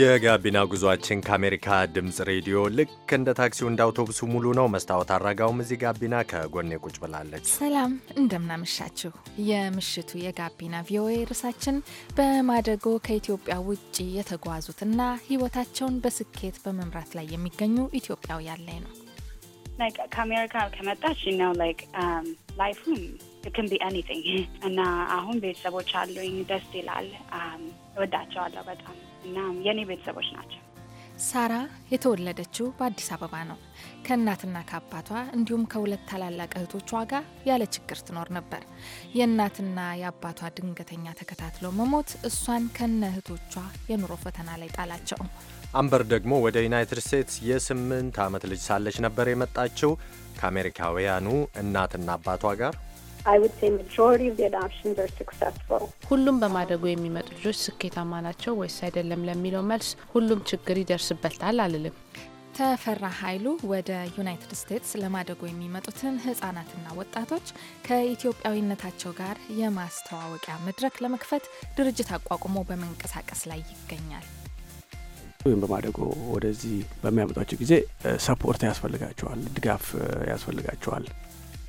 የጋቢና ጉዟችን ከአሜሪካ ድምፅ ሬዲዮ ልክ እንደ ታክሲው እንደ አውቶቡሱ ሙሉ ነው። መስታወት አድራጋውም እዚህ ጋቢና ከጎኔ ቁጭ ብላለች። ሰላም እንደምናመሻችሁ። የምሽቱ የጋቢና ቪኦኤ ርዕሳችን በማደጎ ከኢትዮጵያ ውጭ የተጓዙትና ሕይወታቸውን በስኬት በመምራት ላይ የሚገኙ ኢትዮጵያውያን ላይ ነው። ከአሜሪካ ከመጣች ነው ላይፉን ቢ ኒንግ እና አሁን ቤተሰቦች አሉኝ። ደስ ይላል። እወዳቸዋለሁ በጣም እና የእኔ ቤተሰቦች ናቸው። ሳራ የተወለደችው በአዲስ አበባ ነው። ከእናትና ከአባቷ እንዲሁም ከሁለት ታላላቅ እህቶቿ ጋር ያለ ችግር ትኖር ነበር። የእናትና የአባቷ ድንገተኛ ተከታትሎ መሞት እሷን ከነ እህቶቿ የኑሮ ፈተና ላይ ጣላቸው። አምበር ደግሞ ወደ ዩናይትድ ስቴትስ የስምንት ዓመት ልጅ ሳለች ነበር የመጣችው ከአሜሪካውያኑ እናትና አባቷ ጋር ሁሉም በማደጎ የሚመጡ ልጆች ስኬታማ ናቸው ወይስ አይደለም ለሚለው መልስ ሁሉም ችግር ይደርስበታል አልልም። ተፈራ ኃይሉ ወደ ዩናይትድ ስቴትስ ለማደጎ የሚመጡትን ህጻናትና ወጣቶች ከኢትዮጵያዊነታቸው ጋር የማስተዋወቂያ መድረክ ለመክፈት ድርጅት አቋቁሞ በመንቀሳቀስ ላይ ይገኛል። ወይም በማደጎ ወደዚህ በሚያመጧቸው ጊዜ ሰፖርት ያስፈልጋቸዋል፣ ድጋፍ ያስፈልጋቸዋል።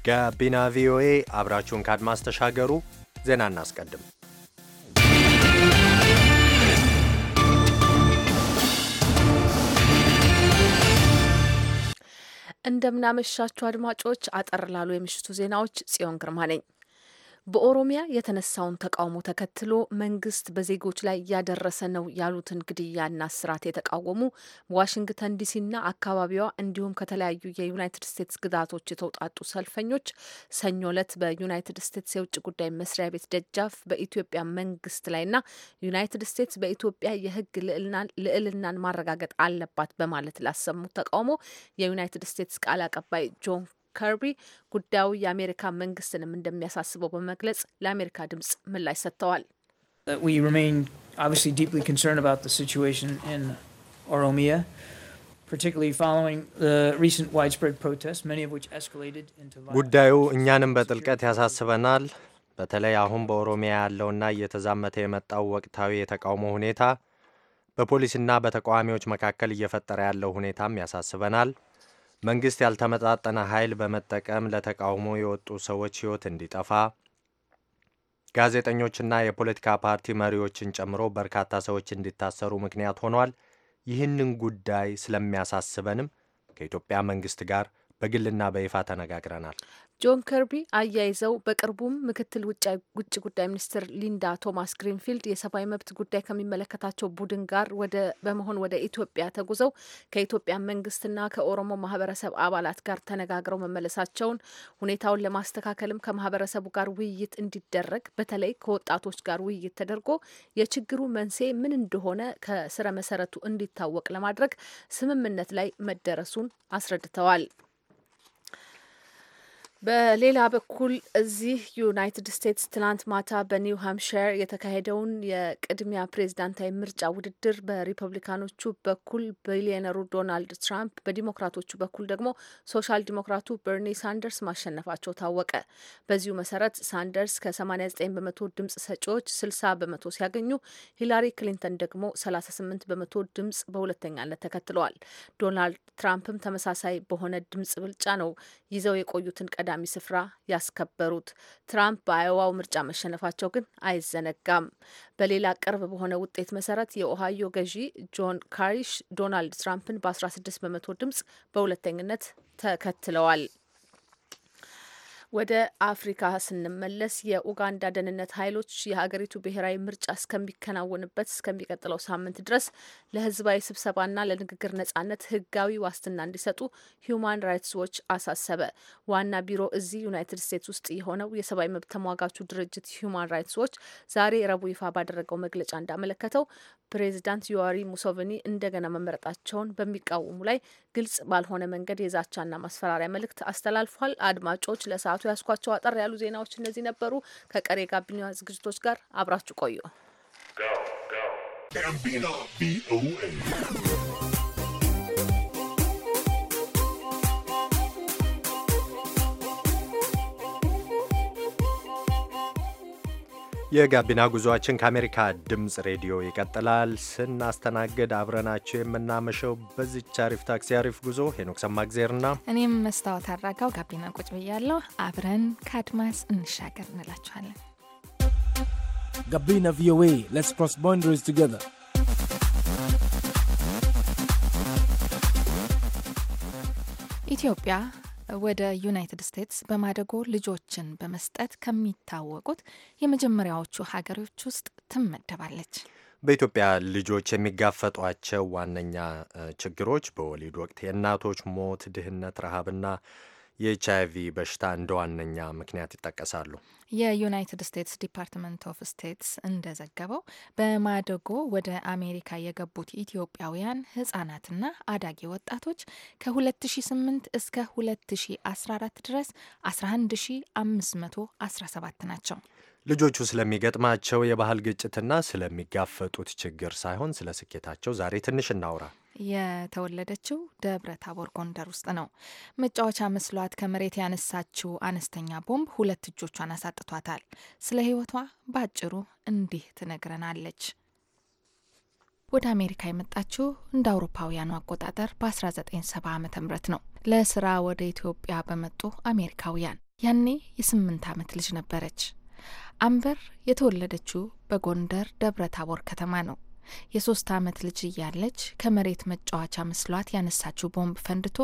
ጋቢና ቪኦኤ አብራችሁን ከአድማስ ተሻገሩ። ዜና እናስቀድም። እንደምናመሻችሁ አድማጮች፣ አጠር ላሉ የምሽቱ ዜናዎች ጽዮን ግርማ ነኝ። በኦሮሚያ የተነሳውን ተቃውሞ ተከትሎ መንግስት በዜጎች ላይ እያደረሰ ነው ያሉትን ግድያና ስርዓት የተቃወሙ ዋሽንግተን ዲሲና አካባቢዋ እንዲሁም ከተለያዩ የዩናይትድ ስቴትስ ግዛቶች የተውጣጡ ሰልፈኞች ሰኞ ዕለት በዩናይትድ ስቴትስ የውጭ ጉዳይ መስሪያ ቤት ደጃፍ በኢትዮጵያ መንግስት ላይና ዩናይትድ ስቴትስ በኢትዮጵያ የህግ ልዕልናን ማረጋገጥ አለባት በማለት ላሰሙት ተቃውሞ የዩናይትድ ስቴትስ ቃል አቀባይ ጆን ከርቢ ጉዳዩ የአሜሪካ መንግስትንም እንደሚያሳስበው በመግለጽ ለአሜሪካ ድምጽ ምላሽ ሰጥተዋል። uh, ጉዳዩ እኛንም በጥልቀት ያሳስበናል። በተለይ አሁን በኦሮሚያ ያለውና እየተዛመተ የመጣው ወቅታዊ የተቃውሞ ሁኔታ በፖሊስና በተቃዋሚዎች መካከል እየፈጠረ ያለው ሁኔታም ያሳስበናል። መንግስት ያልተመጣጠነ ኃይል በመጠቀም ለተቃውሞ የወጡ ሰዎች ሕይወት እንዲጠፋ ጋዜጠኞችና የፖለቲካ ፓርቲ መሪዎችን ጨምሮ በርካታ ሰዎች እንዲታሰሩ ምክንያት ሆኗል። ይህንን ጉዳይ ስለሚያሳስበንም ከኢትዮጵያ መንግስት ጋር በግልና በይፋ ተነጋግረናል። ጆን ከርቢ አያይዘው በቅርቡም ምክትል ውጭ ጉዳይ ሚኒስትር ሊንዳ ቶማስ ግሪንፊልድ የሰብአዊ መብት ጉዳይ ከሚመለከታቸው ቡድን ጋር በመሆን ወደ ኢትዮጵያ ተጉዘው ከኢትዮጵያ መንግስትና ከኦሮሞ ማህበረሰብ አባላት ጋር ተነጋግረው መመለሳቸውን፣ ሁኔታውን ለማስተካከልም ከማህበረሰቡ ጋር ውይይት እንዲደረግ በተለይ ከወጣቶች ጋር ውይይት ተደርጎ የችግሩ መንስኤ ምን እንደሆነ ከስረ መሰረቱ እንዲታወቅ ለማድረግ ስምምነት ላይ መደረሱን አስረድተዋል። በሌላ በኩል እዚህ ዩናይትድ ስቴትስ ትናንት ማታ በኒው ሃምሻር የተካሄደውን የቅድሚያ ፕሬዝዳንታዊ ምርጫ ውድድር በሪፐብሊካኖቹ በኩል ቢሊዮነሩ ዶናልድ ትራምፕ፣ በዲሞክራቶቹ በኩል ደግሞ ሶሻል ዲሞክራቱ በርኒ ሳንደርስ ማሸነፋቸው ታወቀ። በዚሁ መሰረት ሳንደርስ ከ89 በመቶ ድምጽ ሰጪዎች 60 በመቶ ሲያገኙ ሂላሪ ክሊንተን ደግሞ 38 በመቶ ድምጽ በሁለተኛነት ተከትለዋል። ዶናልድ ትራምፕም ተመሳሳይ በሆነ ድምጽ ብልጫ ነው ይዘው የቆዩትን ቀዳ ቀዳሚ ስፍራ ያስከበሩት። ትራምፕ በአዮዋው ምርጫ መሸነፋቸው ግን አይዘነጋም። በሌላ ቅርብ በሆነ ውጤት መሰረት የኦሃዮ ገዢ ጆን ካሪሽ ዶናልድ ትራምፕን በ16 በመቶ ድምጽ በሁለተኝነት ተከትለዋል። ወደ አፍሪካ ስንመለስ የኡጋንዳ ደህንነት ኃይሎች የሀገሪቱ ብሔራዊ ምርጫ እስከሚከናወንበት እስከሚቀጥለው ሳምንት ድረስ ለህዝባዊ ስብሰባና ለንግግር ነጻነት ህጋዊ ዋስትና እንዲሰጡ ሂዩማን ራይትስ ዎች አሳሰበ። ዋና ቢሮ እዚህ ዩናይትድ ስቴትስ ውስጥ የሆነው የሰብአዊ መብት ተሟጋቹ ድርጅት ሂዩማን ራይትስ ዎች ዛሬ ረቡዕ ይፋ ባደረገው መግለጫ እንዳመለከተው ፕሬዚዳንት ዩዋሪ ሙሶቪኒ እንደገና መመረጣቸውን በሚቃወሙ ላይ ግልጽ ባልሆነ መንገድ የዛቻና ማስፈራሪያ መልእክት አስተላልፏል። አድማጮች ለሰዓቱ ለሰዓቱ ያስኳቸው አጠር ያሉ ዜናዎች እነዚህ ነበሩ። ከቀሪ ጋቢና ዝግጅቶች ጋር አብራችሁ ቆዩ። የጋቢና ጉዞአችን ከአሜሪካ ድምፅ ሬዲዮ ይቀጥላል። ስናስተናግድ አብረናቸው የምናመሸው በዚች አሪፍ ታክሲ አሪፍ ጉዞ ሄኖክ ሰማግዜርና እኔም መስታወት አራጋው ጋቢና ቁጭ ብያለሁ። አብረን ከአድማስ እንሻገር እንላችኋለን። ጋቢና ቪኦኤ ሌትስ ክሮስ ቦንደሪስ ቱጌዘር ኢትዮጵያ ወደ ዩናይትድ ስቴትስ በማደጎ ልጆችን በመስጠት ከሚታወቁት የመጀመሪያዎቹ ሀገሮች ውስጥ ትመደባለች። በኢትዮጵያ ልጆች የሚጋፈጧቸው ዋነኛ ችግሮች በወሊድ ወቅት የእናቶች ሞት፣ ድህነት፣ ረሃብና የኤች አይቪ በሽታ እንደ ዋነኛ ምክንያት ይጠቀሳሉ። የዩናይትድ ስቴትስ ዲፓርትመንት ኦፍ ስቴትስ እንደዘገበው በማደጎ ወደ አሜሪካ የገቡት ኢትዮጵያውያን ህጻናትና አዳጊ ወጣቶች ከ2008 እስከ 2014 ድረስ 11517 ናቸው። ልጆቹ ስለሚገጥማቸው የባህል ግጭትና ስለሚጋፈጡት ችግር ሳይሆን ስለ ስኬታቸው ዛሬ ትንሽ እናውራ። የተወለደችው ደብረ ታቦር ጎንደር ውስጥ ነው። መጫወቻ መስሏት ከመሬት ያነሳችው አነስተኛ ቦምብ ሁለት እጆቿን አሳጥቷታል። ስለ ሕይወቷ በአጭሩ እንዲህ ትነግረናለች። ወደ አሜሪካ የመጣችው እንደ አውሮፓውያኑ አቆጣጠር በ1970 ዓ ም ነው ለስራ ወደ ኢትዮጵያ በመጡ አሜሪካውያን። ያኔ የስምንት ዓመት ልጅ ነበረች። አምበር የተወለደችው በጎንደር ደብረ ታቦር ከተማ ነው። የሶስት ዓመት ልጅ እያለች ከመሬት መጫወቻ መስሏት ያነሳችው ቦምብ ፈንድቶ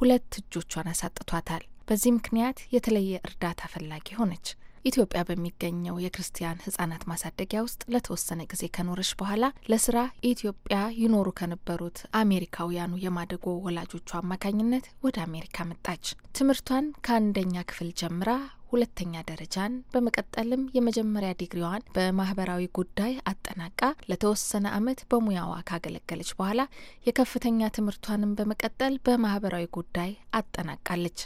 ሁለት እጆቿን አሳጥቷታል። በዚህ ምክንያት የተለየ እርዳታ ፈላጊ ሆነች። ኢትዮጵያ በሚገኘው የክርስቲያን ህጻናት ማሳደጊያ ውስጥ ለተወሰነ ጊዜ ከኖረች በኋላ ለስራ ኢትዮጵያ ይኖሩ ከነበሩት አሜሪካውያኑ የማደጎ ወላጆቿ አማካኝነት ወደ አሜሪካ መጣች። ትምህርቷን ከአንደኛ ክፍል ጀምራ ሁለተኛ ደረጃን በመቀጠልም የመጀመሪያ ዲግሪዋን በማህበራዊ ጉዳይ አጠናቃ ለተወሰነ ዓመት በሙያዋ ካገለገለች በኋላ የከፍተኛ ትምህርቷንም በመቀጠል በማህበራዊ ጉዳይ አጠናቃለች።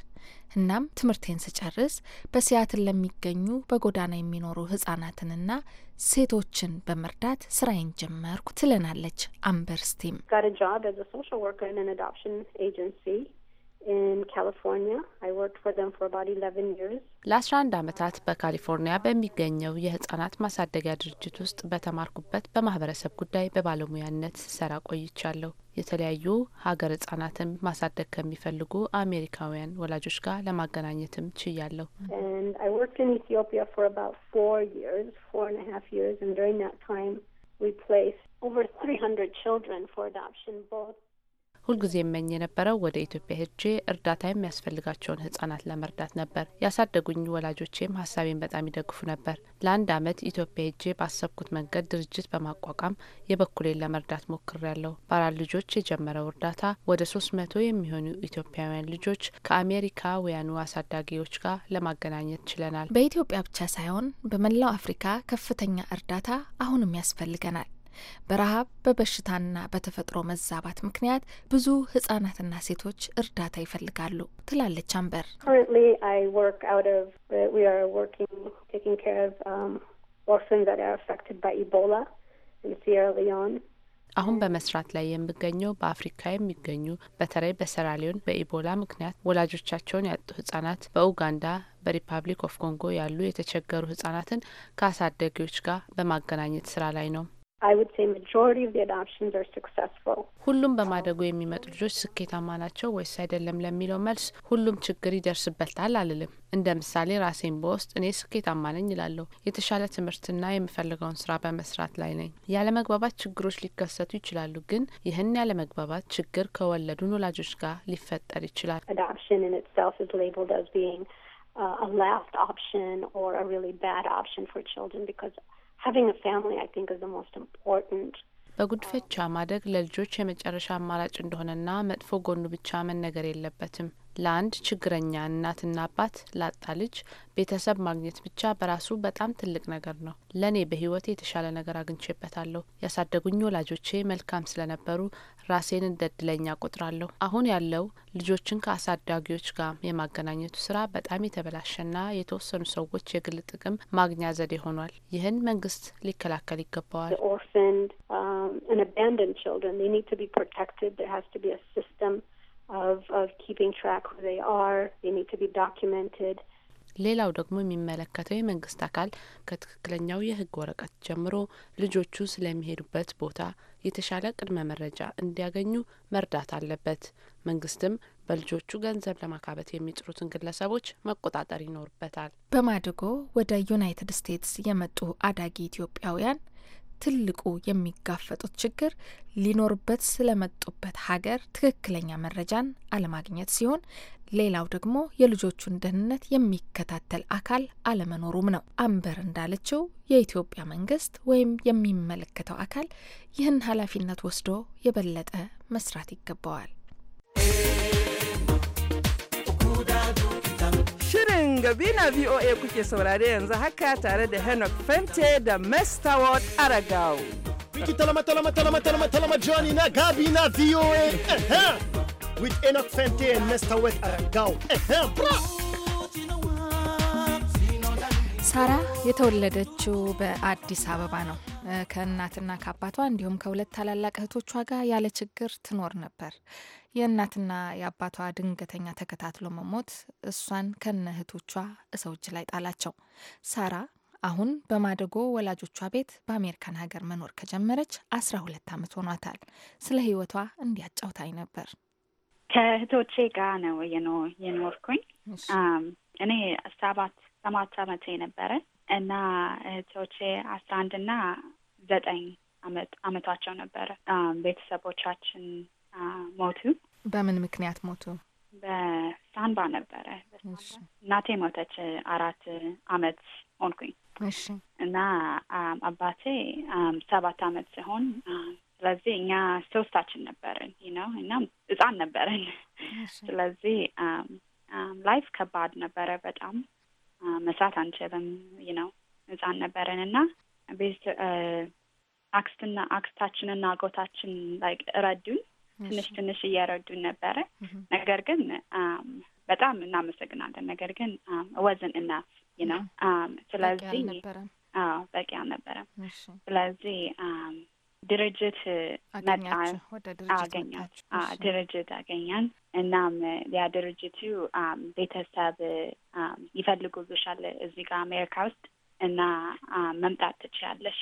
እናም ትምህርቴን ስጨርስ በሲያትል ለሚገኙ በጎዳና የሚኖሩ ህጻናትንና ሴቶችን በመርዳት ስራዬን ጀመርኩ ትለናለች አምበር ስቲም ለ11 ዓመታት በካሊፎርኒያ በሚገኘው የህጻናት ማሳደጊያ ድርጅት ውስጥ በተማርኩበት በማህበረሰብ ጉዳይ በባለሙያነት ስሰራ ቆይቻለሁ። የተለያዩ ሀገር ህጻናትን ማሳደግ ከሚፈልጉ አሜሪካውያን ወላጆች ጋር ለማገናኘትም ችያለሁ። ሁልጊዜ የመኝ የነበረው ወደ ኢትዮጵያ ሄጄ እርዳታ የሚያስፈልጋቸውን ህጻናት ለመርዳት ነበር። ያሳደጉኝ ወላጆቼም ሀሳቤን በጣም ይደግፉ ነበር። ለአንድ አመት ኢትዮጵያ ሄጄ ባሰብኩት መንገድ ድርጅት በማቋቋም የበኩሌን ለመርዳት ሞክሬያለሁ። በአራት ልጆች የጀመረው እርዳታ ወደ ሶስት መቶ የሚሆኑ ኢትዮጵያውያን ልጆች ከአሜሪካውያኑ አሳዳጊዎች ጋር ለማገናኘት ችለናል። በኢትዮጵያ ብቻ ሳይሆን በመላው አፍሪካ ከፍተኛ እርዳታ አሁንም ያስፈልገናል። በረሃብ በበሽታና በተፈጥሮ መዛባት ምክንያት ብዙ ህጻናትና ሴቶች እርዳታ ይፈልጋሉ ትላለች አንበር። uh, um, አሁን በመስራት ላይ የምገኘው በአፍሪካ የሚገኙ በተለይ በሰራሊዮን በኢቦላ ምክንያት ወላጆቻቸውን ያጡ ህጻናት፣ በኡጋንዳ በሪፐብሊክ ኦፍ ኮንጎ ያሉ የተቸገሩ ህጻናትን ከአሳደጊዎች ጋር በማገናኘት ስራ ላይ ነው። ሁሉም በማደጎ የሚመጡ ልጆች ስኬታማ ናቸው ወይስ አይደለም ለሚለው መልስ ሁሉም ችግር ይደርስበታል አልልም። እንደ ምሳሌ ራሴን በውስጥ እኔ ስኬታማ ነኝ እላለሁ። የተሻለ ትምህርትና የምፈልገውን ስራ በመስራት ላይ ነኝ። ያለመግባባት ችግሮች ሊከሰቱ ይችላሉ፣ ግን ይህን ያለመግባባት ችግር ከወለዱን ወላጆች ጋር ሊፈጠር ይችላል። having a family, I think, is the most important በጉድፈቻ ማደግ ለልጆች የመጨረሻ አማራጭ እንደሆነና መጥፎ ጎኑ ብቻ መነገር የለበትም። ለአንድ ችግረኛ እናትና አባት ላጣ ልጅ ቤተሰብ ማግኘት ብቻ በራሱ በጣም ትልቅ ነገር ነው። ለእኔ በህይወቴ የተሻለ ነገር አግኝቼበታለሁ። ያሳደጉኝ ወላጆቼ መልካም ስለነበሩ ራሴን እንደ እድለኛ ቆጥራለሁ። አሁን ያለው ልጆችን ከአሳዳጊዎች ጋር የማገናኘቱ ስራ በጣም የተበላሸና የተወሰኑ ሰዎች የግል ጥቅም ማግኛ ዘዴ ሆኗል። ይህን መንግስት ሊከላከል ይገባዋል። of, of keeping track who they are. They need to be documented. ሌላው ደግሞ የሚመለከተው የመንግስት አካል ከትክክለኛው የህግ ወረቀት ጀምሮ ልጆቹ ስለሚሄዱበት ቦታ የተሻለ ቅድመ መረጃ እንዲያገኙ መርዳት አለበት። መንግስትም በልጆቹ ገንዘብ ለማካበት የሚጥሩትን ግለሰቦች መቆጣጠር ይኖርበታል። በማደጎ ወደ ዩናይትድ ስቴትስ የመጡ አዳጊ ኢትዮጵያውያን ትልቁ የሚጋፈጡት ችግር ሊኖርበት ስለመጡበት ሀገር ትክክለኛ መረጃን አለማግኘት ሲሆን ሌላው ደግሞ የልጆቹን ደህንነት የሚከታተል አካል አለመኖሩም ነው። አምበር እንዳለችው የኢትዮጵያ መንግስት ወይም የሚመለከተው አካል ይህን ኃላፊነት ወስዶ የበለጠ መስራት ይገባዋል። Gabina VOA kuke saurare yanzu haka tare da Enoch Fente da Mestaward Aragao. Wiki talama talama talama talama talama Johnny na Gabina VOA. With Enoch Fente and Mestaward Aragao. ሳራ የተወለደችው በአዲስ አበባ ነው። ከእናትና ከአባቷ እንዲሁም ከሁለት ታላላቅ እህቶቿ ጋር ያለ ችግር ትኖር ነበር። የእናትና የአባቷ ድንገተኛ ተከታትሎ መሞት እሷን ከነ እህቶቿ እሰው እጅ ላይ ጣላቸው። ሳራ አሁን በማደጎ ወላጆቿ ቤት በአሜሪካን ሀገር መኖር ከጀመረች አስራ ሁለት ዓመት ሆኗታል። ስለ ህይወቷ እንዲያጫውታኝ ነበር። ከእህቶቼ ጋር ነው የኖርኩኝ። እኔ ሰባት ሰባት ዓመቴ ነበረ እና እህቶቼ አስራ አንድ እና ዘጠኝ አመት አመቷቸው ነበረ። ቤተሰቦቻችን ሞቱ። በምን ምክንያት ሞቱ? በሳንባ ነበረ። እናቴ ሞተች። አራት አመት ሆንኩኝ እና አባቴ ሰባት አመት ሲሆን ስለዚህ እኛ ሶስታችን ነበርን ነው እና ህፃን ነበርን። ስለዚህ ላይፍ ከባድ ነበረ በጣም መስራት አንችልም ነው ህፃን ነበረን እና ቤት uh, አክስትና አክስታችንና አጎታችን ላይ ረዱን። ትንሽ ትንሽ እየረዱን ነበረ። ነገር ግን um, በጣም እናመሰግናለን። ነገር ግን ወዝን እናፍ ነው ስለዚህ በቂ አልነበረም። ስለዚህ um, ድርጅት መጣን አገኛችሁ ድርጅት አገኛን። እናም ያ ድርጅቱ ቤተሰብ ይፈልጉ ይፈልጉብሻል እዚህ ጋር አሜሪካ ውስጥ እና መምጣት ትችያለሽ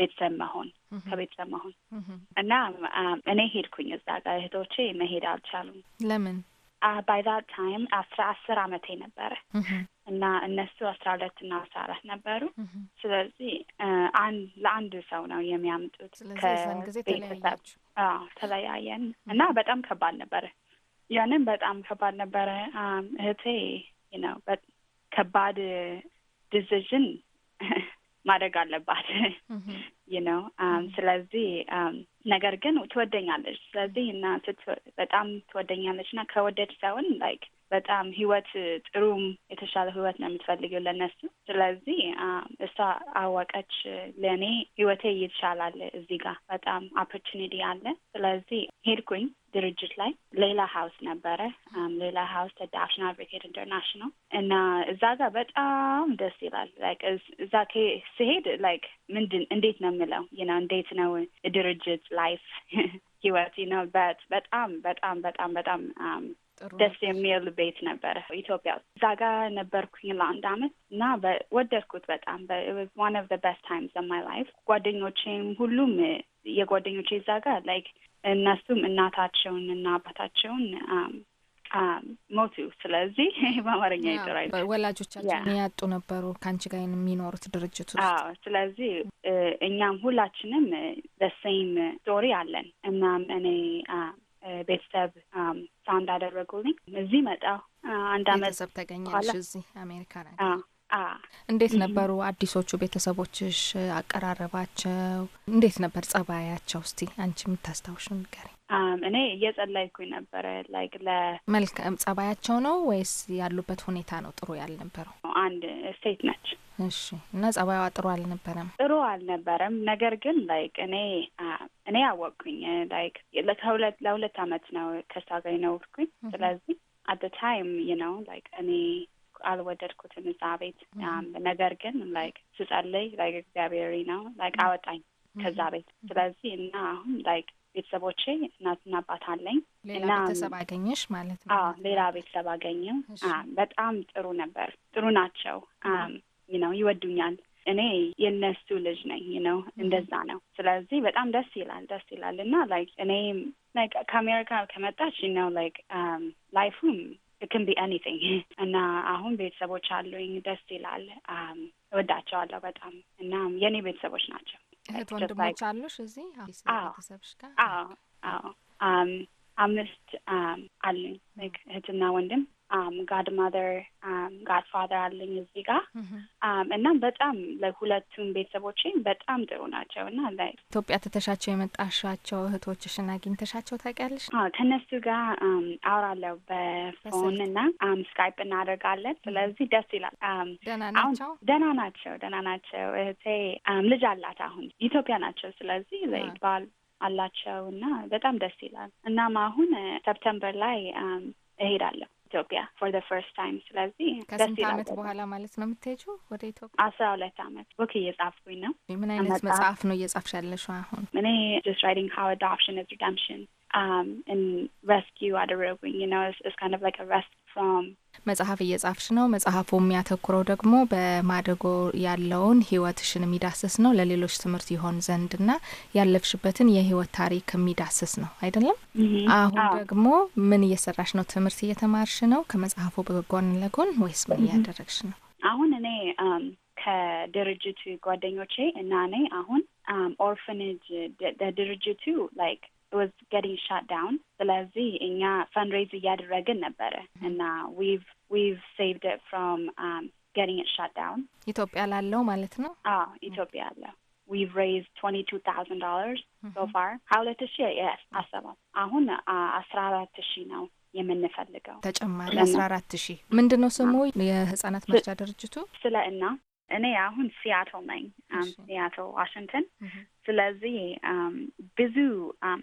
ቤተሰብ መሆን ከቤተሰብ መሆን እና እኔ ሄድኩኝ። እዛ ጋር እህቶቼ መሄድ አልቻሉም። ለምን? ባይ ዛት ታይም አስራ አስር አመቴ ነበረ እና እነሱ አስራ ሁለት እና አስራ አራት ነበሩ። ስለዚህ አንድ ለአንድ ሰው ነው የሚያምጡት። ከቤተሰብ ተለያየን እና በጣም ከባድ ነበረ። ያንን በጣም ከባድ ነበረ። እህቴ ነው ከባድ ዲሲዥን ማድረግ አለባት ነው። ስለዚህ ነገር ግን ትወደኛለች። ስለዚህ እና በጣም ትወደኛለች እና ከወደድ ሰውን ላይክ በጣም ህይወት ጥሩም የተሻለ ህይወት ነው የምትፈልገው ለነሱ። ስለዚህ እሷ አወቀች ለእኔ ህይወቴ ይሻላል፣ እዚህ ጋር በጣም ኦፖርቹኒቲ አለ። ስለዚህ ሄድኩኝ ድርጅት ላይ ሌላ ሀውስ ነበረ። ሌላ ሀውስ ተዳሽን አድቨኬት ኢንተርናሽናል እና እዛ ጋር በጣም ደስ ይላል። እዛ ስሄድ ላይክ ምንድን እንዴት ነው የምለው ነው እንዴት ነው ድርጅት ላይፍ ህይወት ነው በት በጣም በጣም በጣም በጣም ደስ የሚል ቤት ነበረ ኢትዮጵያ ውስጥ። እዛ ጋ ነበርኩኝ ለአንድ አመት እና ወደድኩት በጣም ዋን ኦፍ በስት ታይምስ ማይ ላይፍ። ጓደኞቼም ሁሉም የጓደኞቼ እዛ ጋ ላይክ እነሱም እናታቸውን እና አባታቸውን um, um, ሞቱ። ስለዚህ በአማርኛ ይጥራል ወላጆቻችን ያጡ ነበሩ ከአንቺ ጋር የሚኖሩት ድርጅቱ። አዎ፣ ስለዚህ እኛም ሁላችንም ዘ ሴም ስቶሪ አለን። እናም እኔ um, ቤተሰብ ሳውንድ አደረጉልኝ። እዚህ መጣሁ። አንድ አመት ቤተሰብ ተገኘልሽ እዚህ አሜሪካ ላይ እንዴት ነበሩ አዲሶቹ ቤተሰቦችሽ? አቀራረባቸው እንዴት ነበር? ጸባያቸው እስቲ አንቺ የምታስታውሽ ንገሪኝ። እኔ እየጸለይኩኝ ነበረ። ላይክ ለመልካም ጸባያቸው ነው ወይስ ያሉበት ሁኔታ ነው ጥሩ ያልነበረው? አንድ ሴት ነች። እሺ። እና ጸባይዋ ጥሩ አልነበረም። ጥሩ አልነበረም። ነገር ግን ላይክ እኔ እኔ አወቅኩኝ። ላይክ ለሁለት ለሁለት አመት ነው ከሷ ጋር ስለዚህ አት ታይም ነው ላይክ እኔ አልወደድኩትም እዛ ቤት። ነገር ግን ላይክ ስጸልይ ላይክ እግዚአብሔር ነው ላይክ አወጣኝ ከዛ ቤት። ስለዚህ እና አሁን ላይክ ቤተሰቦቼ እናትና አባት አለኝ። ሌላ ቤተሰብ አገኘሽ ማለት ነው? አዎ ሌላ ቤተሰብ አገኘው። በጣም ጥሩ ነበር። ጥሩ ናቸው ነው ይወዱኛል። እኔ የእነሱ ልጅ ነኝ ነው እንደዛ ነው። ስለዚህ በጣም ደስ ይላል፣ ደስ ይላል እና ላይክ እኔ ከአሜሪካ ከመጣች ነው ላይክ ላይፉም ክን ቢ ኤኒቲንግ እና አሁን ቤተሰቦች አሉኝ። ደስ ይላል። እወዳቸዋለሁ በጣም እና የእኔ ቤተሰቦች ናቸው። እህት ወንድሞች አሉሽ እዚህ ቤተሰብሽ ጋር? አዎ አዎ um, አምስት um, አሉኝ እህትና ወንድም ጋድማዘር um, ጋድፋዘር um, አለኝ እዚህ ጋር um, እናም በጣም ለሁለቱም ቤተሰቦቼም በጣም ጥሩ ናቸው እና ኢትዮጵያ ትተሻቸው የመጣሻቸው እህቶችሽን አግኝተሻቸው ታውቂያለሽ? ከእነሱ ጋር አውራለሁ በፎን እና ስካይፕ እናደርጋለን። ስለዚህ ደስ ይላል። ደህና ናቸው፣ ደህና ናቸው፣ ደህና ናቸው። እህቴ ልጅ አላት አሁን ኢትዮጵያ ናቸው። ስለዚህ ባል አላቸው እና በጣም ደስ ይላል። እናም አሁን ሰፕተምበር uh, ላይ እሄዳለሁ ኢትዮጵያ ፎር ዘ ፈርስት ታይም። ስለዚህ ከስንት አመት በኋላ ማለት ነው የምትሄጂው ወደ ኢትዮጵያ? አስራ ሁለት አመት ቦክ እየጻፍኩኝ ነው። ምን አይነት መጽሐፍ ነው እየጻፍሽ ያለሽው አሁን? እኔ ጀስት ራይቲንግ ሀው አዶፕሽን ኢዝ ሪደምፕሽን um, and rescue at a you know, it's, it's kind of like a rest from መጽሐፍ እየጻፍሽ ነው። መጽሐፉ የሚያተኩረው ደግሞ በማደጎ ያለውን ህይወትሽን የሚዳስስ ነው። ለሌሎች ትምህርት ይሆን ና ያለፍሽበትን የህይወት ታሪክ የሚዳስስ ነው አይደለም? አሁን ደግሞ ምን እየሰራሽ ነው? ትምህርት እየተማርሽ ነው ከመጽሐፉ በጎን ለጎን ወይስ ምን እያደረግሽ ነው? አሁን እኔ ከድርጅቱ ጓደኞቼ እና እኔ አሁን ኦርፈኔጅ ድርጅቱ ላይክ ወዝ ገቲንግ ሻት ዳውን። ስለዚህ እኛ ፈንድሬዝ እያደረግን ነበረ እና ዊቭ ዊቭ ሴቭድ ፍሮም ገቲንግ ሻት ዳውን ኢትዮጵያ ላለው ማለት ነው። አዎ ኢትዮጵያ ያለው we've raised twenty two thousand dollars so far ሀሁለት ሺ አሰባት አሁን uh, አስራ አራት ሺ ነው የምንፈልገው ተጨማሪ አስራ አራት ሺህ ምንድን ነው ስሙ የህጻናት መርጃ ድርጅቱ ስለ እና እኔ አሁን ሲያትል ነኝ፣ ሲያትል um, ዋሽንግተን። ስለዚህ um, ብዙ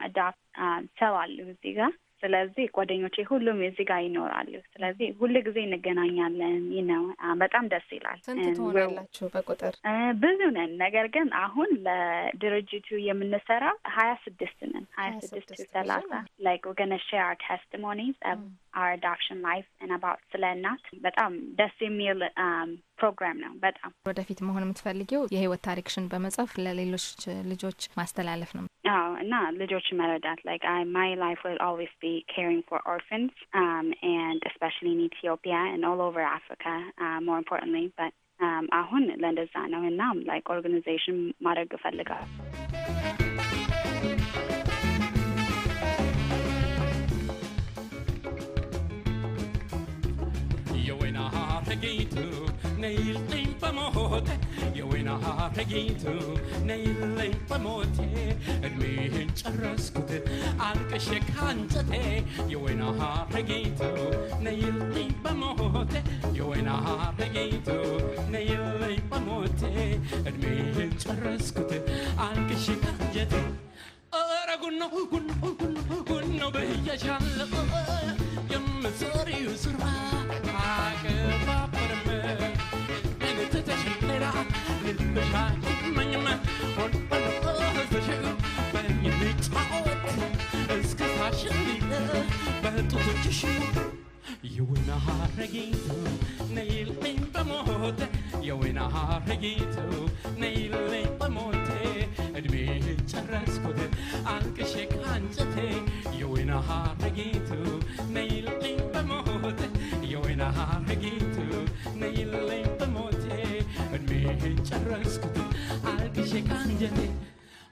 አዳፕት um, uh, ሰው አሉ እዚህ ጋር። ስለዚህ ጓደኞቼ ሁሉም እዚህ ጋር ይኖራሉ። ስለዚህ ሁሉ ጊዜ እንገናኛለን። ይህ ነው uh, በጣም ደስ ይላል። ስንት ትሆናላችሁ በቁጥር? Uh, ብዙ ነን፣ ነገር ግን አሁን ለድርጅቱ የምንሰራ ሀያ ስድስት ነን። ሀያ ስድስት ሰላሳ ላይክ ወገነ ሼር ቴስቲሞኒስ አር አዳፕሽን ላይፍ ስለ እናት በጣም ደስ የሚል ፕሮግራም ነው። በጣም ወደፊት መሆን የምትፈልጊው የህይወት ታሪክሽን በመጻፍ ለሌሎች ልጆች ማስተላለፍ ነው። አዎ እና ልጆች መረዳት ላይክ አይ ማይ ላይፍ ዊል ኦልዌይስ ቢ ካሪንግ ፎር ኦርፈንስ ኤንድ ስፔሻሊ ኢን ኢትዮጵያ ኤንድ ኦል ኦቨር አፍሪካ ሞር ኢምፖርታንትሊ በት አሁን ለእንደዛ ነው እና ላይክ ኦርጋናይዜሽን ማድረግ እፈልጋለሁ። Again, نيلتين بموت يا وين عاقيتو نيلتين بموت ادميهن ጨረስኩት አልቅሼ ካንጨቴ የወይና ሀረጌቱ ነይልኝ በሞቴ የወይና ሀረጌቱ ነይልኝ በሞቴ እድሜህን ጨረስኩት አልቅሼ ካንጀቴ ኧረ ጉድ ነው ጉድ ነው ጉድ ነው ጉድ ነው ብዬሻለሁ የምትሰሪው ስራ አቅባ ሸሚነ በጡቶችሽ የወይን ሐረጊቱ ነይልኝ በሞቴ የወይን ሐረጊቱ ነይልኝ በሞቴ እድሜ ጨረስኩት አልቅሼ ካንጭቴ የወይን ሐረጊቱ ነይልኝ በሞቴ የወይን ሐረጊቱ ነይልኝ በሞቴ እድሜ ጨረስኩት አልቅሼ ካንጀቴ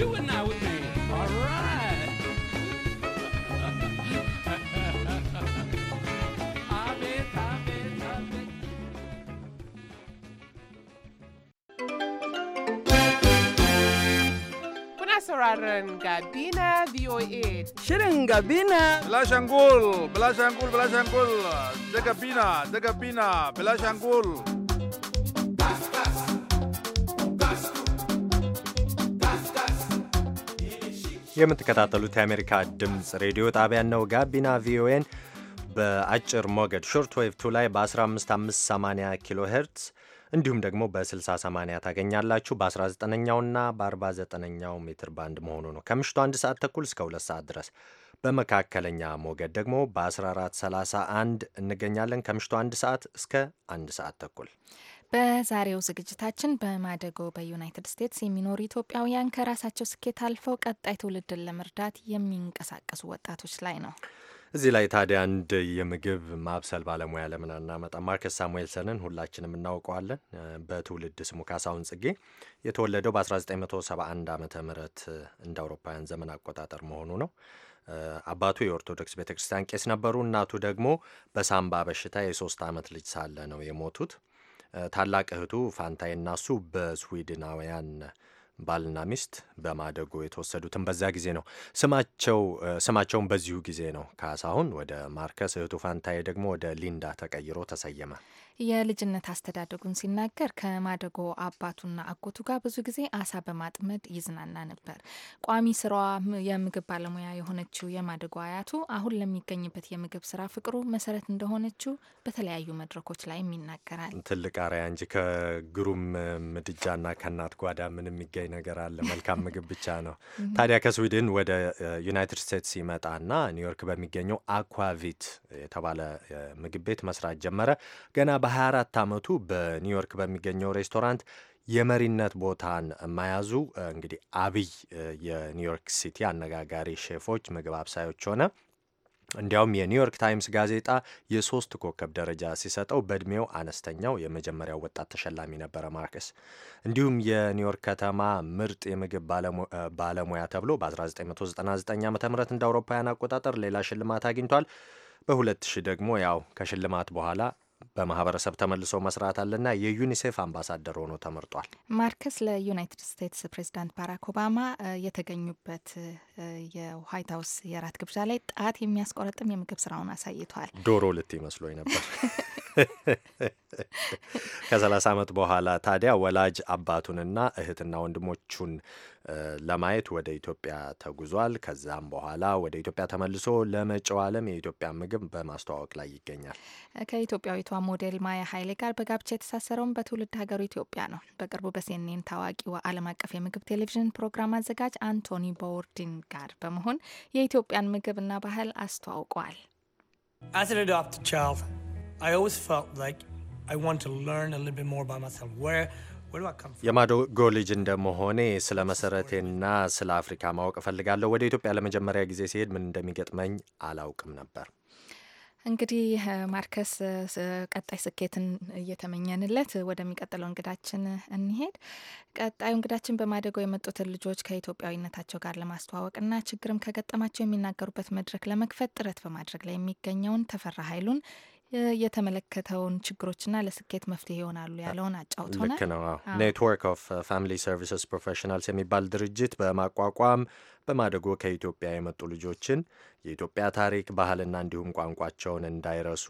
doing now with me? All right. I bet, I bet, I bet. Kuna sauraron Gabina VOA. Shirin Gabina. Bilashangul, Bilashangul, Bilashangul. Da Gabina, da Gabina, Bilashangul. የምትከታተሉት የአሜሪካ ድምፅ ሬዲዮ ጣቢያን ነው። ጋቢና ቪኦኤን በአጭር ሞገድ ሾርት ዌቭ ቱ ላይ በ15580 ኪሎ ሄርትስ እንዲሁም ደግሞ በ6080 ታገኛላችሁ። በ19ኛውና በ49ኛው ሜትር ባንድ መሆኑ ነው። ከምሽቱ አንድ ሰዓት ተኩል እስከ ሁለት ሰዓት ድረስ በመካከለኛ ሞገድ ደግሞ በ1431 እንገኛለን ከምሽቱ አንድ ሰዓት እስከ አንድ ሰዓት ተኩል በዛሬው ዝግጅታችን በማደጎ በዩናይትድ ስቴትስ የሚኖሩ ኢትዮጵያውያን ከራሳቸው ስኬት አልፈው ቀጣይ ትውልድን ለመርዳት የሚንቀሳቀሱ ወጣቶች ላይ ነው። እዚህ ላይ ታዲያ አንድ የምግብ ማብሰል ባለሙያ ለምን አናመጣ? ማርከስ ሳሙኤልሰንን ሁላችንም እናውቀዋለን። በትውልድ ስሙ ካሳሁን ጽጌ የተወለደው በ1971 ዓ ም እንደ አውሮፓውያን ዘመን አቆጣጠር መሆኑ ነው። አባቱ የኦርቶዶክስ ቤተ ክርስቲያን ቄስ ነበሩ። እናቱ ደግሞ በሳምባ በሽታ የሶስት ዓመት ልጅ ሳለ ነው የሞቱት። ታላቅ እህቱ ፋንታይ እናሱ እሱ በስዊድናውያን ባልና ሚስት በማደጎ የተወሰዱትን በዛ ጊዜ ነው። ስማቸው ስማቸውን በዚሁ ጊዜ ነው ካሳሁን ወደ ማርከስ፣ እህቱ ፋንታዬ ደግሞ ወደ ሊንዳ ተቀይሮ ተሰየመ። የልጅነት አስተዳደጉን ሲናገር ከማደጎ አባቱና አጎቱ ጋር ብዙ ጊዜ አሳ በማጥመድ ይዝናና ነበር። ቋሚ ስራዋ የምግብ ባለሙያ የሆነችው የማደጎ አያቱ አሁን ለሚገኝበት የምግብ ስራ ፍቅሩ መሰረት እንደሆነችው በተለያዩ መድረኮች ላይም ይናገራል። ትልቅ አርያ እንጂ ከግሩም ምድጃና ከእናት ጓዳ ምን የሚገኝ ነገር አለ? መልካም ምግብ ብቻ ነው። ታዲያ ከስዊድን ወደ ዩናይትድ ስቴትስ ይመጣና ኒውዮርክ በሚገኘው አኳቪት የተባለ ምግብ ቤት መስራት ጀመረ ገና 24 ዓመቱ በኒውዮርክ በሚገኘው ሬስቶራንት የመሪነት ቦታን መያዙ እንግዲህ አብይ የኒውዮርክ ሲቲ አነጋጋሪ ሼፎች ምግብ አብሳዮች ሆነ። እንዲያውም የኒውዮርክ ታይምስ ጋዜጣ የሶስት ኮከብ ደረጃ ሲሰጠው በእድሜው አነስተኛው የመጀመሪያው ወጣት ተሸላሚ ነበረ ማርክስ። እንዲሁም የኒውዮርክ ከተማ ምርጥ የምግብ ባለሙያ ተብሎ በ1999 ዓ ም እንደ አውሮፓውያን አቆጣጠር ሌላ ሽልማት አግኝቷል። በ2000 ደግሞ ያው ከሽልማት በኋላ በማህበረሰብ ተመልሶ መስራት አለና የዩኒሴፍ አምባሳደር ሆኖ ተመርጧል። ማርከስ ለዩናይትድ ስቴትስ ፕሬዚዳንት ባራክ ኦባማ የተገኙበት የዋይት ሀውስ የራት ግብዣ ላይ ጣት የሚያስቆረጥም የምግብ ስራውን አሳይቷል። ዶሮ ልት ይመስሎኝ ነበር። ከ30 ዓመት በኋላ ታዲያ ወላጅ አባቱንና እህትና ወንድሞቹን ለማየት ወደ ኢትዮጵያ ተጉዟል። ከዛም በኋላ ወደ ኢትዮጵያ ተመልሶ ለመጪው ዓለም የኢትዮጵያ ምግብ በማስተዋወቅ ላይ ይገኛል። ከኢትዮጵያዊቷ ሞዴል ማያ ኃይሌ ጋር በጋብቻ የተሳሰረውም በትውልድ ሀገሩ ኢትዮጵያ ነው። በቅርቡ በሲኤንኤን ታዋቂው ዓለም አቀፍ የምግብ ቴሌቪዥን ፕሮግራም አዘጋጅ አንቶኒ ቦርዲን ጋር በመሆን የኢትዮጵያን ምግብና ባህል አስተዋውቀዋል። የማዶጎ ልጅ እንደመሆኔ ስለ መሰረቴና ስለ አፍሪካ ማወቅ እፈልጋለሁ። ወደ ኢትዮጵያ ለመጀመሪያ ጊዜ ሲሄድ ምን እንደሚገጥመኝ አላውቅም ነበር። እንግዲህ ማርከስ ቀጣይ ስኬትን እየተመኘንለት ወደሚቀጥለው እንግዳችን እንሄድ። ቀጣዩ እንግዳችን በማደጎ የመጡትን ልጆች ከኢትዮጵያዊነታቸው ጋር ለማስተዋወቅና ችግርም ከገጠማቸው የሚናገሩበት መድረክ ለመክፈት ጥረት በማድረግ ላይ የሚገኘውን ተፈራ ኃይሉን የተመለከተውን ችግሮችና ለስኬት መፍትሄ ይሆናሉ ያለውን አጫውቶናል። ነው። ኔትወርክ ኦፍ ፋሚሊ ሰርቪስስ ፕሮፌሽናልስ የሚባል ድርጅት በማቋቋም በማደጎ ከኢትዮጵያ የመጡ ልጆችን የኢትዮጵያ ታሪክ፣ ባህልና እንዲሁም ቋንቋቸውን እንዳይረሱ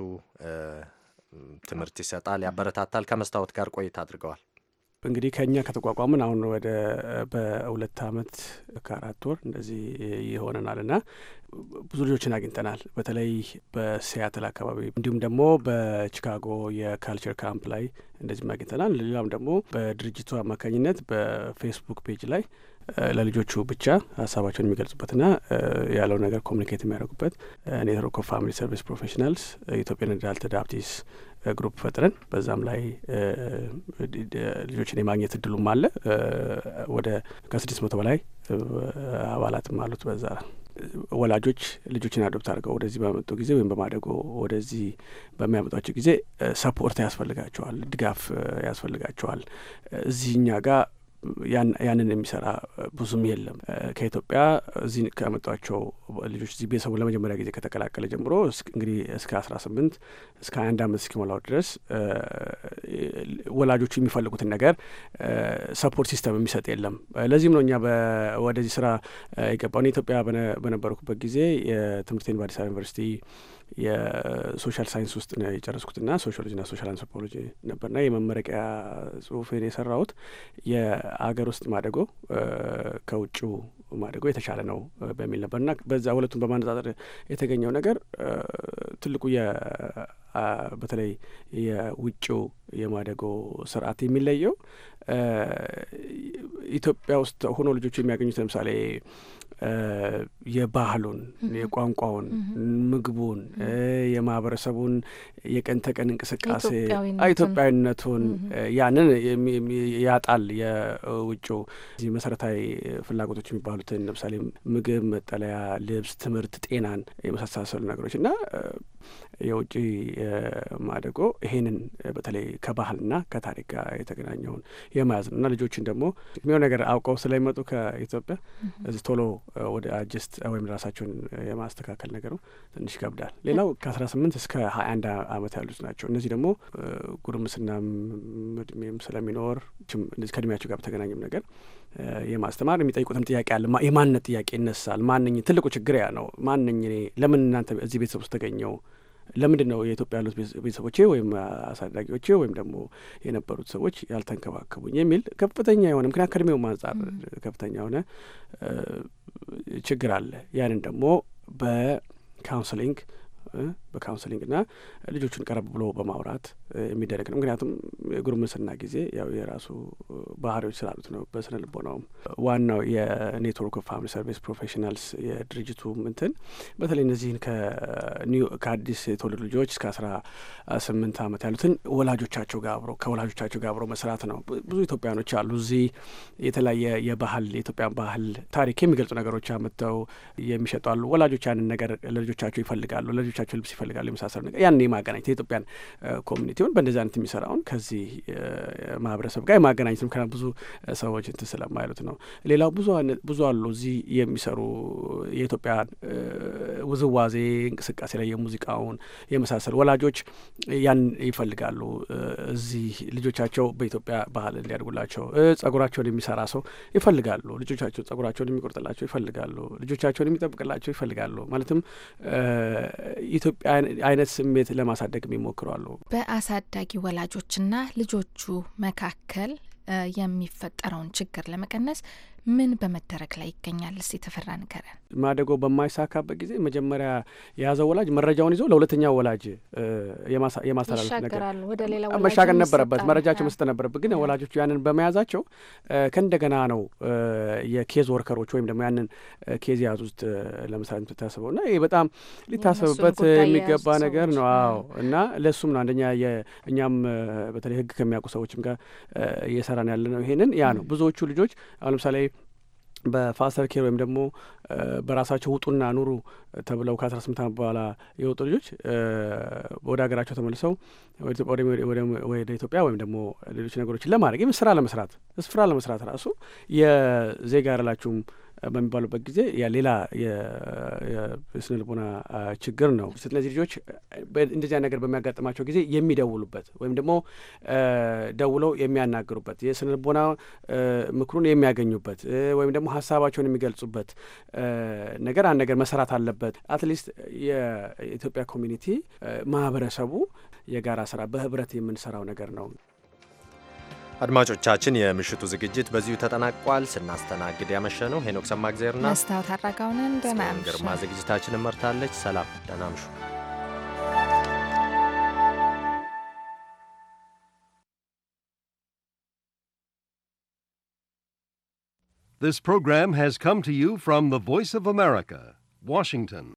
ትምህርት ይሰጣል፣ ያበረታታል። ከመስታወት ጋር ቆይታ አድርገዋል። እንግዲህ ከእኛ ከተቋቋምን አሁን ወደ በሁለት አመት ከአራት ወር እንደዚህ ይሆነናል ና ብዙ ልጆችን አግኝተናል። በተለይ በሲያትል አካባቢ እንዲሁም ደግሞ በቺካጎ የካልቸር ካምፕ ላይ እንደዚህም አግኝተናል። ሌላም ደግሞ በድርጅቱ አማካኝነት በፌስቡክ ፔጅ ላይ ለልጆቹ ብቻ ሀሳባቸውን የሚገልጹበት ና ያለው ነገር ኮሚኒኬት የሚያደርጉበት ኔትወርክ ኦፍ ፋሚሊ ሰርቪስ ፕሮፌሽናልስ ኢትዮጵያን ዳልተ ዳፕቲስ ግሩፕ ፈጥረን በዛም ላይ ልጆችን የማግኘት እድሉም አለ። ወደ ከስድስት መቶ በላይ አባላትም አሉት በዛ ወላጆች ልጆችን አዶፕት አድርገው ወደዚህ በመጡ ጊዜ ወይም በማደጎ ወደዚህ በሚያመጧቸው ጊዜ ሰፖርት ያስፈልጋቸዋል፣ ድጋፍ ያስፈልጋቸዋል። እዚህኛ ጋር ያንን የሚሰራ ብዙም የለም። ከኢትዮጵያ እዚህ ከመጧቸው ልጆች እዚህ ቤተሰቡ ለመጀመሪያ ጊዜ ከተቀላቀለ ጀምሮ እንግዲህ እስከ አስራ ስምንት እስከ አንድ አመት እስኪሞላው ድረስ ወላጆቹ የሚፈልጉትን ነገር ሰፖርት ሲስተም የሚሰጥ የለም። ለዚህም ነው እኛ ወደዚህ ስራ የገባ ኢትዮጵያ በነበርኩበት ጊዜ የትምህርቴን በአዲስ አበባ ዩኒቨርሲቲ የሶሻል ሳይንስ ውስጥ ነው የጨረስኩትና ና ሶሻል አንትሮፖሎጂ ና የመመረቂያ ጽሁፌን የሰራሁት የአገር ውስጥ ማደጎ ከውጭ ማደጎ የተሻለ ነው በሚል ና በዛ ሁለቱን በማነጻጠር የተገኘው ነገር ትልቁ በተለይ የውጭው የማደጎ ስርዓት የሚለየው ኢትዮጵያ ውስጥ ሆኖ ልጆቹ የሚያገኙት ለምሳሌ የባህሉን፣ የቋንቋውን፣ ምግቡን፣ የማህበረሰቡን የቀን ተቀን እንቅስቃሴ ኢትዮጵያዊነቱን ያንን ያጣል። የውጭው እዚህ መሰረታዊ ፍላጎቶች የሚባሉትን ለምሳሌ ምግብ፣ መጠለያ፣ ልብስ፣ ትምህርት፣ ጤናን የመሳሰሉ ነገሮች እና የውጭ ማደጎ ይሄንን በተለይ ከባህልና ከታሪክ ጋር የተገናኘውን የመያዝ ነው እና ልጆችን ደግሞ የሚሆን ነገር አውቀው ስለሚመጡ ከኢትዮጵያ እዚህ ቶሎ ወደ አጀስት ወይም ራሳቸውን የማስተካከል ነገሩ ትንሽ ይከብዳል። ሌላው ከአስራ ስምንት እስከ ሀያ አንድ አመት ያሉት ናቸው። እነዚህ ደግሞ ጉርምስና እድሜም ስለሚኖር ከእድሜያቸው ጋር በተገናኘም ነገር የማስተማር የሚጠይቁትም ጥያቄ አለ። የማንነት ጥያቄ ይነሳል። ማንኝ ትልቁ ችግር ያ ነው። ማንኝ እኔ ለምን እናንተ እዚህ ቤተሰብ ውስጥ ተገኘው? ለምንድን ነው የኢትዮጵያ ያሉት ቤተሰቦቼ ወይም አሳዳጊዎቼ ወይም ደግሞ የነበሩት ሰዎች ያልተንከባከቡኝ የሚል ከፍተኛ የሆነ ምክንያት ከእድሜውም አንጻር ከፍተኛ የሆነ ችግር አለ። ያንን ደግሞ በካውንስሊንግ በካውንስሊንግ ና ልጆቹን ቀረብ ብሎ በማውራት የሚደረግ ነው። ምክንያቱም የጉርምስና ጊዜ ያው የራሱ ባህሪዎች ስላሉት ነው። በስነ ልቦናውም ዋናው የኔትወርክ ኦፍ ፋሚሊ ሰርቪስ ፕሮፌሽናልስ የድርጅቱ ምንትን በተለይ እነዚህን ከአዲስ የተወለዱ ልጆች እስከ አስራ ስምንት አመት ያሉትን ወላጆቻቸው ጋር አብሮ ከወላጆቻቸው ጋር አብሮ መስራት ነው። ብዙ ኢትዮጵያኖች አሉ እዚህ የተለያየ የባህል የኢትዮጵያን ባህል ታሪክ የሚገልጹ ነገሮች አመጥተው የሚሸጡ አሉ። ወላጆች ያንን ነገር ለልጆቻቸው ይፈልጋሉ። ለልጆቻቸው ልብስ ይፈልጋሉ የመሳሰሉ ነገር ያን የማገናኘት የኢትዮጵያን ኮሚኒቲውን በእንደዚህ አይነት የሚሰራውን ከዚህ ማህበረሰብ ጋር የማገናኘት ምክንያት ብዙ ሰዎች እንትን ስለማይሉት ነው። ሌላው ብዙ ብዙ አሉ እዚህ የሚሰሩ የኢትዮጵያ ውዝዋዜ እንቅስቃሴ ላይ የሙዚቃውን የመሳሰሉ ወላጆች ያን ይፈልጋሉ። እዚህ ልጆቻቸው በኢትዮጵያ ባህል እንዲያድጉላቸው ጸጉራቸውን የሚሰራ ሰው ይፈልጋሉ። ልጆቻቸው ጸጉራቸውን የሚቆርጥላቸው ይፈልጋሉ። ልጆቻቸውን የሚጠብቅላቸው ይፈልጋሉ። ማለትም ኢትዮጵያ አይነት ስሜት ለማሳደግ የሚሞክሯሉ። በአሳዳጊ ወላጆችና ልጆቹ መካከል የሚፈጠረውን ችግር ለመቀነስ ምን በመደረግ ላይ ይገኛል? የተፈራ ንገረን። ማደጎ በማይሳካበት ጊዜ መጀመሪያ የያዘው ወላጅ መረጃውን ይዞ ለሁለተኛው ወላጅ የማስተላለፍ ነገር መሻገር ነበረበት፣ መረጃቸው መስጠት ነበረበት። ግን ወላጆቹ ያንን በመያዛቸው ከእንደገና ነው የኬዝ ወርከሮች ወይም ደግሞ ያንን ኬዝ የያዙት ለመስራት የምትታስበው እና ይህ በጣም ሊታሰብበት የሚገባ ነገር ነው። አዎ እና ለሱም ነው አንደኛ እኛም በተለይ ህግ ከሚያውቁ ሰዎችም ጋር እየሰራን ያለ ነው። ይሄንን ያ ነው ብዙዎቹ ልጆች አሁን ለምሳሌ በፋስተር ኬር ወይም ደግሞ በራሳቸው ውጡና ኑሩ ተብለው ከአስራ ስምንት ዓመት በኋላ የወጡ ልጆች ወደ ሀገራቸው ተመልሰው ወደ ኢትዮጵያ ወይም ደግሞ ሌሎች ነገሮችን ለማድረግ ስራ ለመስራት ስፍራ ለመስራት ራሱ የዜጋ ያላችሁም በሚባሉበት ጊዜ ያ ሌላ የስነ ልቦና ችግር ነው። እነዚህ ልጆች እንደዚያ ነገር በሚያጋጥማቸው ጊዜ የሚደውሉበት ወይም ደግሞ ደውለው የሚያናግሩበት የስነ ልቦና ምክሩን የሚያገኙበት ወይም ደግሞ ሀሳባቸውን የሚገልጹበት ነገር አንድ ነገር መሰራት አለበት። አትሊስት የኢትዮጵያ ኮሚኒቲ ማህበረሰቡ የጋራ ስራ በህብረት የምንሰራው ነገር ነው። አድማጮቻችን የምሽቱ ዝግጅት በዚሁ ተጠናቋል። ስናስተናግድ ያመሸነው ሄኖክ ሰማግዜርና መስታወት አድራጋውንን ደናም ግርማ ዝግጅታችንን መርታለች። ሰላም ደናምሹ This program has come to you from the Voice of America, Washington.